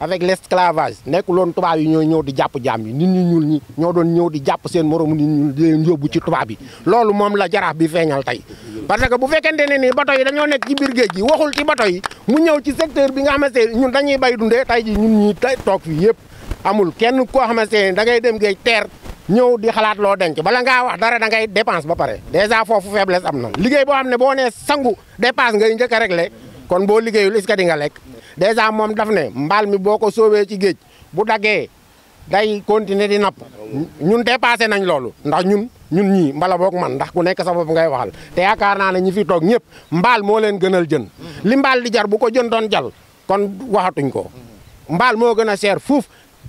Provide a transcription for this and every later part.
avec l'esclavage nekkul woon tubaab yi ñoo ñëw di jàpp jaam yi nit ñu ñi ñoo doon ñëw di jàpp seen moromu nit ñu leen yóbbu ci tubaab yi loolu moom la jaraaf bi feeñal tey parce que bu fekkente ne ni bato yi dañoo nekk ci biir géej gi waxul ti bato yi mu ñëw ci secteur bi nga xamante ne ñun dañuy bay dundee tey ji ñun ñuy toog fii yëpp amul kenn koo xamante ne da ngay dem géej teer ñëw di xalaat loo denc bala ngaa wax dara da ngay dépense ba pare dèjà foofu faiblesse am na liggéey boo xam ne boo nee sangu dépense ngay njëkk a réglé kon boo liggéeyul est-ce di nga lekk dèjà moom daf ne mbaal mi boo ko soowee ci géej bu daggee day continuer di napp ñun dépassé nañ loolu ndax ñun ñun ñii mbala boog man ndax ku nekk sa bopp ngay waxal te yaakaar naa ne ñi fi toog ñëpp mbaal moo leen gënal jën li mbaal di jar bu ko jën doon jal kon waxatuñ ko mbaal moo gën a cher fuuf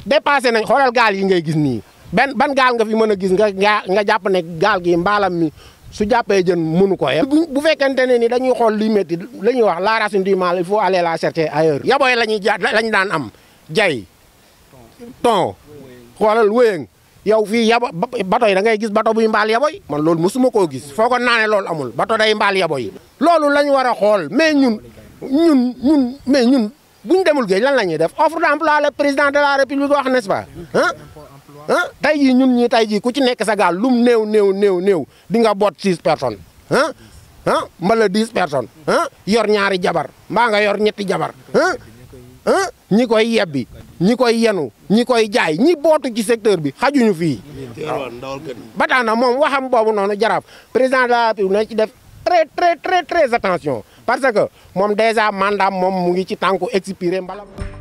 dépassé nañ xoolal gaal yi ngay gis nii benn ban gaal nga fi mën a gis nga nga jàpp ne gaal gi mbaalam mi su jàppee jën mënu ko yem bu fekkente ne ni dañuy xool luy métti la ñuy wax la racine du mal il faut aller la chercher ailleurs yabooy la ñuy ja lañ daan am jay ton xoolal wéyëng yow fii yabo bato yi da gis bato buy mbaal yaboy man loolu mosuma ko gis foo ko naa loolu amul bato day mbaal yi loolu lañu war a xool mais ñun ñun ñun mais ñun buñ demul géej lan la ñuy def offre d'emploi le président de la république wax n'est-ce ah tey jii ñun ñii tey jii ku ci nekk sa gaal lum néew néew néew néew di nga boot six personnes ah ah mbala dix personnes ah yor ñaari jabar mbaa nga yor ñetti jabar ñi koy yebbi ñi koy yenu ñi koy jaay ñi bootu ci secteur bi xajuñu fii ba tax na moom waxam boobu noonu jaraaf président de la République na ci def très très très très attention parce que moom déjà mandam moom mu ngi ci tànku expiré mbala